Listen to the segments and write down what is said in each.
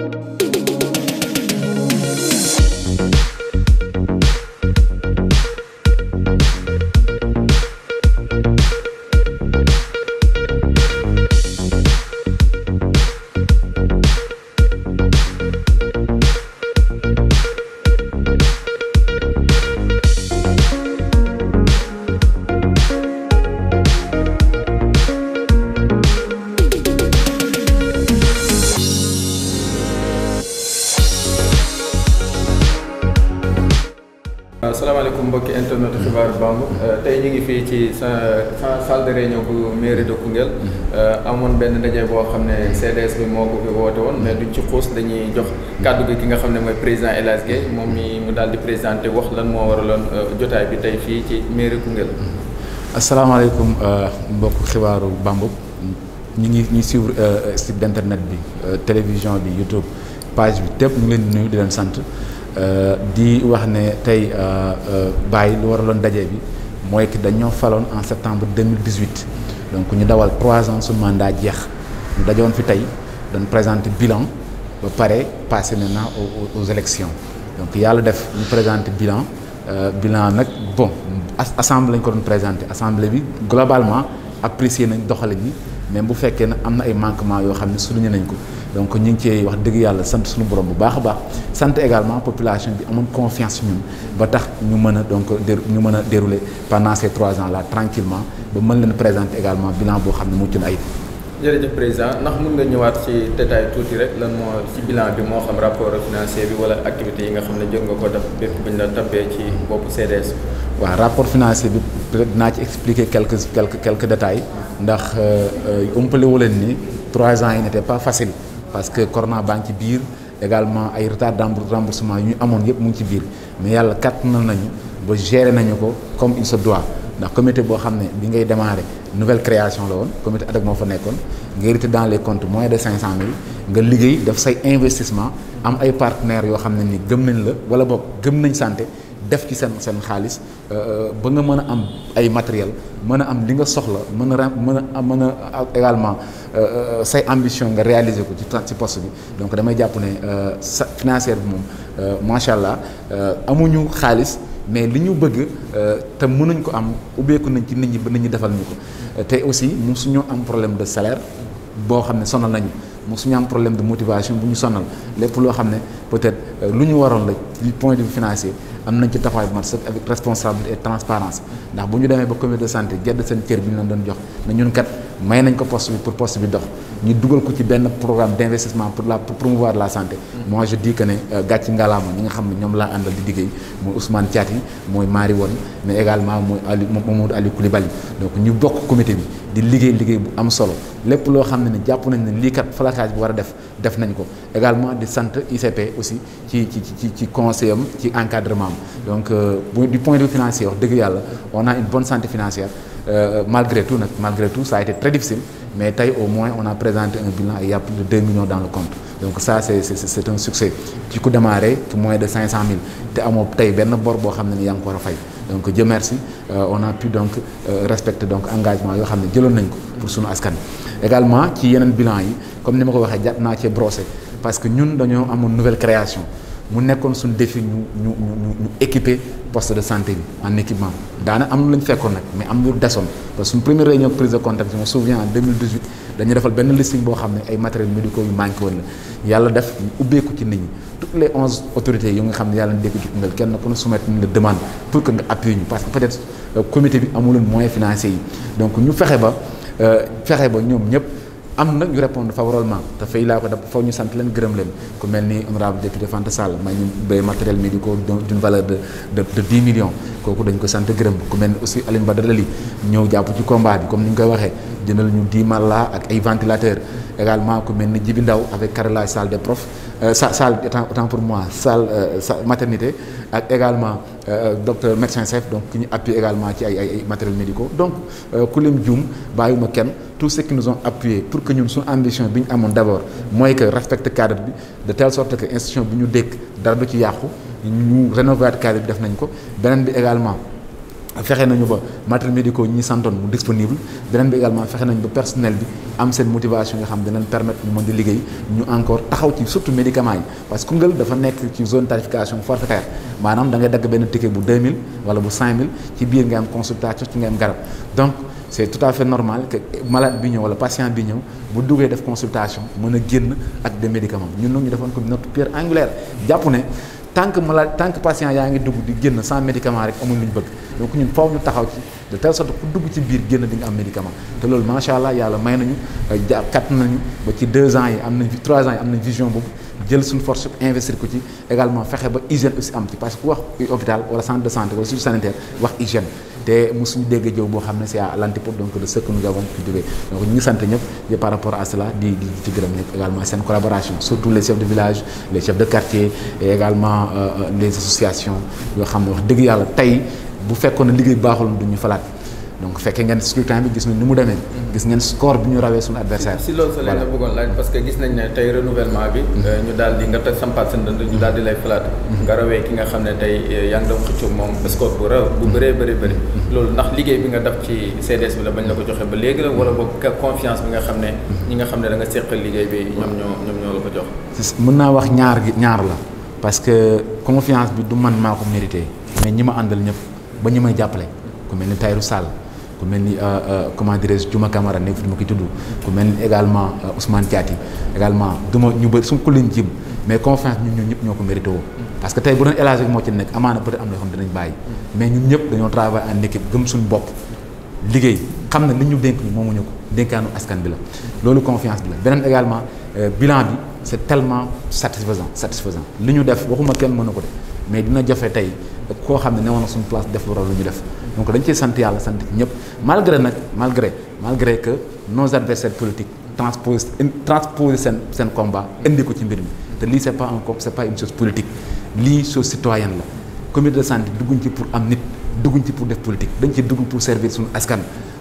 thank you asalaamaaleykum mbokki internet xibaaru Bambuk mm-hmm. euh, tey ñu ngi fii ci sa salle de réunion bu mairie de Koungheul mm-hmm. euh, amoon benn ndaje boo xam ne CDS bi moo ko fi woote woon mais duñ ci xuus dañuy jox mm-hmm. kàddu gi ki nga xam ne mooy président El Hadj moom mi mu daal di présenté wax lan moo waraloon euh, jotaay bi tey fii ci mairie Koungheul asalaamaaleykum mbokk xibaaru Bambuk ñu ngi ñi suivre site d' internet bi télévision bi YouTube page bi tépp ñu leen di nuyu di leen sant Euh, di wax ne tey euh, euh, bàyyi lu waraloon daje bi mooy que dañoo faloon en septembre deux mille 2018 donc ñu dawal trois ans su mandat jeex ñu dajoon fi tey doon présenter bilan ba pare passé maintenant aux élections donc yàlla def ñu présenter bilan bilan nag bon assemblée lañ ko doon présenter assemblée bi globalement apprécié nañ doxalin bi mais bu fekkee ne am na ay manquement yoo xam ne souligné nañ ko donc ñu ngi cee wax dëgg yàlla sant suñu borom bu baax a baax sant également population bi amoon confiance ñun ba tax ñu mën a donc ñu mën a dérouler pendant ces trois ans là tranquillement ba mën leen présenter également bilan boo xam ne mucc na ayib. jërëjëf président ndax mën nga ñëwaat ci détail tuuti rek lan moo ci bilan bi moo xam rapport financier bi wala activité yi nga xam ne jot nga ko def bépp bu ñu la tabbee ci boppu CDS bi. waaw rapport financier bi peut-être naa ci expliquer quelques quelques quelques détails ndax euh, euh, umpale wu leen ni trois ans yi n'était pas parce que corona baa ngi ci biir également ay retard de remboursement yu ñu amoon yëpp mu ngi ci biir mais yàlla kàttanal nañu ba gérer nañu ko comme il se doit ndax comité boo xam ne bi ngay démarrer nouvelle création la woon comité ad moo fa nekkoon nga hérité dans les comptes moins de 500000 nga liggéey def say investissement am ay partenaires yoo xam ne ni gëm nañ la wala boog gëm nañ santé def ci seen seen xaalis euh, euh, ba nga mën a am ay matériel mën a am li nga soxla mën a mën a am mën a également euh, say ambition nga réaliser ko ci ci poste bi donc damay jàpp ne sa financière bi moom macha allah amuñu xaalis mais li ñu bëgg te mënuñ ko am ubbeeku nañ ci nit ñi ba nit ñi defal ñu ko te aussi mu suñu am problème de salaire boo xam ne sonal nañu mu suñu am problème de motivation bu ñu sonal lépp loo xam ne peut-être lu ñu waroon la ci point de financier am nañ ci taxawaay bu mat sëkk avec responsabilité et transparence ndax bu ñu demee ba comité de santé gedd seen cër bi ñu leen doon jox na ñun kat may nañ ko poste bi pour poste bi dox ñu dugal ko ci benn programme d' investissement pour la pour promouvoir la santé. moi je dis que ne euh, gàcc ngalaama ñi nga xam ne ñoom laa àndal di liggéey mooy Ousmane Thiati mooy Mari Won mais également mooy Ali Mamadou Ali Koulibaly donc ñu bokk comité bi di liggéey liggéey bu am solo lépp loo xam ne ne jàpp nañ ne lii kat falaakaaj bi war a def def nañ ko également di sant ICP aussi ci ci ci ci conseil am ci encadrement am donc euh, du point de vue financier wax dëgg yàlla on a une bonne santé financière. euh, malgré tout nag malgré tout ça a été très difficile mais tey au moins on a présenté un bilan et il y a plus de 2 millions dans le compte donc ça c'est c'est, c'est un succès ci ku démarré ci moins de 500 000 te amoo tey benn bor boo xam ne ni yaa war a fay donc Dieu merci euh, on a pu donc euh, respecter donc engagement yoo xam ne jëloon nañ ko pour sunu askan également ci yeneen bilan yi comme ni ma ko waxee jàpp naa cee brosser parce que ñun dañoo amoon nouvelle création mu nekkoon suñu défi ñu ñu ñu ñu équiper poste de santé bi en équipement daana am lu la ñu fekkoon nag mais am lu desoon parce que suñu première réunion prise de contact je me souviens dañu defal benn listing boo xam ne ay matériels médicaux yu manqué woon la yàlla def ñu ubbeeku ci nit ñi toutes les onze autorités yu nga xam ne yàlla na dégg kenn ku ne soumettre ñu la demande pour que nga appuyer ñu parce que peut-être euh, comité bi amuloon moyens financiers donc ñu fexe ba euh, fexe ba ñoom ñëpp. am nag ñu répondre favorablement te fay laa ko def faw ñu sant leen gërëm leen ku mel ni honorable député Fanta Sall may ñu bay matériel médical d'une valeur de de de dix millions kooku dañ ko sant gërëm ku mel ni aussi Alioune Badara Ly ñëw jàpp ci combat bi comme ni ñu koy waxee. jëndal ñu dix matelas ak ay ventilateur également ku mel ni Jibi Ndaw avec carrelage salle des profs euh, sa salle autant pour moi salle euh, maternité ak également euh, docteur médecin chef donc ki ñu appuyé également ci ay ay matériels médicaux donc ku lim juum bàyyiwuma kenn tout ce qui nous ont appuyé pour que ñun suñu ambition bi ñu amoon d'abord mooy que respecte cadre bi de telle sorte que institution bi ñu dékk dara du ci yàqu ñu rénover cadre bi def nañ ko beneen bi également fexe nañu ba matériels médicaux ñi santoon mu disponible beneen bi également fexe nañu ba personnel bi am seen motivation nga xam dinañ permettre ñu mën di liggéey ñu encore taxaw ci surtout médicaments yi parce que Koungheul dafa nekk ci zone tarification forfaitaire maanaam da ngay dagg benn ticket bu 2000 wala bu 5000 ci biir nga am consultation ci nga am garab donc c' est tout à fait normal que malade bi ñëw wala patient bi ñëw bu duggee def consultation mën a ak des médicaments ñun nag defoon ko notre pierre angulaire tant que malade tant que patient yaa ngi dugg di génn sans médicament rek amul lu ñu bëgg donc ñun faw ñu taxaw ci de telle sorte ku dugg ci biir génn di nga am médicament te loolu macha allah yàlla may nañu euh, jaar kat nañu ba ci deux ans yi am nañ trois ans yi am nañ vision boobu jël suñu force investir ko ci également fexe ba hygiène aussi am ci parce que ku wax hôpital wala centre de santé wala service sanitaire wax hygiène te mosuñu dégg jëw boo xam ne si à l'antipode donc de ce que nous ñu ngi sant ñëpp par rapport à cela di di ci gërëm ñëpp également seen collaboration surtout les chefs de village les chefs de quartier et euh, euh, les associations yoo xam ne wax dëgg yàlla tey bu fekkoon ne liggéey baaxul duñu falaat donc fekkee ngeen scrutin bi gis nañ ni mu demee. gis ngeen score bi ñu rawee suñu adversaire. si loolu sa leen la bëggoon laaj parce que gis nañ ne tey renouvellement bi. Mm-hmm. Euh, ñu daal nga toj sampaat seen dënd ñu daal di lay falaat. Mm-hmm. nga rawee ki nga xam ne tey euh, yaa ngi doon xëccoog moom score bu raw bu bëree bëri bëri. Mm-hmm. loolu ndax liggéey bi nga def ci CDS bi la bañ la ko joxe ba léegi la wala boog confiance bi nga xam ne. ñi nga xam ne da nga seqal liggéey bi ñoom ñoom ñoo la ko naa wax ñaar gi ñaar la parce que confiance bi du man maa ko mérité ñi ma àndal ñëpp ba ñi may jàppale ku mel ni Tayrou ku mel ni euh, euh, comment dirais-je Juma Camara nekk fi ma ko tudd ku mel ni également euh, Ousmane Diaty également duma ñu bëri su ma ko jim mais confiance ñun ñoo ñëpp ñoo ko mérité woo parce que tey bu doon élage moo ci nekk amaana peut am na yoo xam dinañ bàyyi mais ñun ñëpp dañoo travail en équipe gëm suñu bopp liggéey xam na li ñu dénk ñu moomuñu ko dénkaanu askan bi la loolu confiance bi la beneen également bilan bi c'est tellement satisfaisant satisfaisant li ñu def waxuma kenn mënu ko def mais dina jafe tey koo xam ne ne newoon na suñu place def lu raw lu ñu def donc dañ ciy sant yàlla sant ñëpp malgré nag malgré malgré que nos adversaires politiques transposent transposent seen seen combat indi ko ci mbir mi te lii c'est pas un combat c'est pas une chose politique lii chose citoyenne la comité de santé dugguñ ci pour am nit dugguñ ci pour def politique dañ ci dugg pour servir suñu askan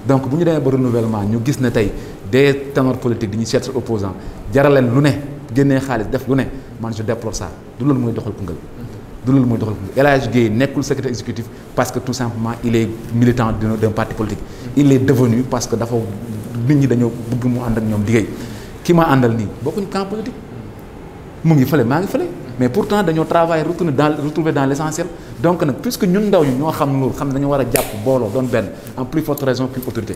donc bu ñu demee ba renouvellement ñu gis ne tey des ténors politiques dañuy seet opposant jaraleen lu ne génnee xaalis def lu ne man je déplore ça du loolu mooy doxal Koungheul du loolu mooy doxal Koungheul El Hadj Guèye nekkul secrétaire exécutif parce que tout simplement il est militant d'un parti politique il est devenu parce que dafa nit ñi dañoo bëgg mu ñoom liggéey ki ma àndal nii bokkuñu camp politique mu ngi fële maa ngi fële mais pourtant dañoo travail retourné dans retrouvé donc nag puisque ñun ndaw ñi ñoo xam loolu xam ne dañoo war a jàpp booloo doon benn en plus forte raison plus autorité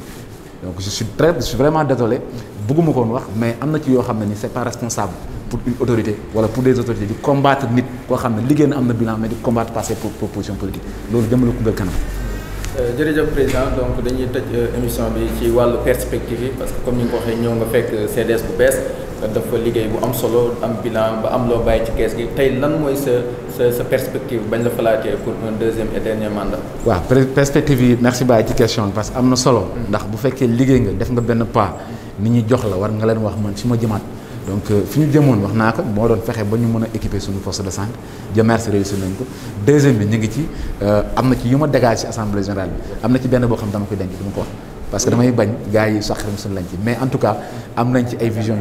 donc je suis très je suis vraiment désolé bëgguma koon wax mais am na ci yoo xam ne ni c'est pas responsable pour une autorité wala pour des autorités di combattre nit koo xam ne liggéey na am na bilan mais di combattre passé pour proposition politique loolu jëmale Koungheul kanam. Euh, jërëjëf président donc dañuy tëj euh, émission bi ci wàll perspective yi parce que comme ni nga ko waxee nga fekk euh, CDS bu bees. dafa liggéey bu am solo am bilan ba am loo bàyyi ci kees gi tey lan mooy sa sa sa perspective bañ la falaatee pour un deuxième et dernier mandat. waaw ouais, perspective yi merci Baye ci question parce que am na solo. Mm-hmm. ndax bu fekkee liggéey nga def nga benn pas. nit ñi jox la war nga leen wax man fi ma jëmaat. donc euh, fi ñu jëmoon wax naa ko moo doon fexe ba ñu mën a équiper suñu poste de santé Dieu merci réussir nañ ko deuxième bi ñu ngi ci euh, am na ci yu ma dégage ci assemblée générale benn boo xam dama koy denc du ma ko mais en tout cas am nañ ay vision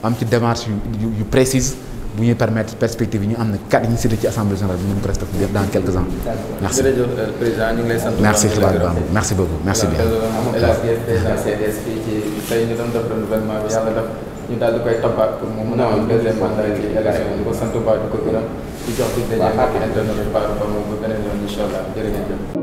am ci démarche yu yu précise bu ñu permettre perspective yi ñu am na kat yi ñu cité ci assemblée générale bi ñu presque dans quelques ans. merci jërëjëf euh, président ñu ngi lay sant. merci xibaar bi merci beaucoup merci bien. Euh, ñu daal di ko sant baax di ko gërëm di jox di daje ak internet bi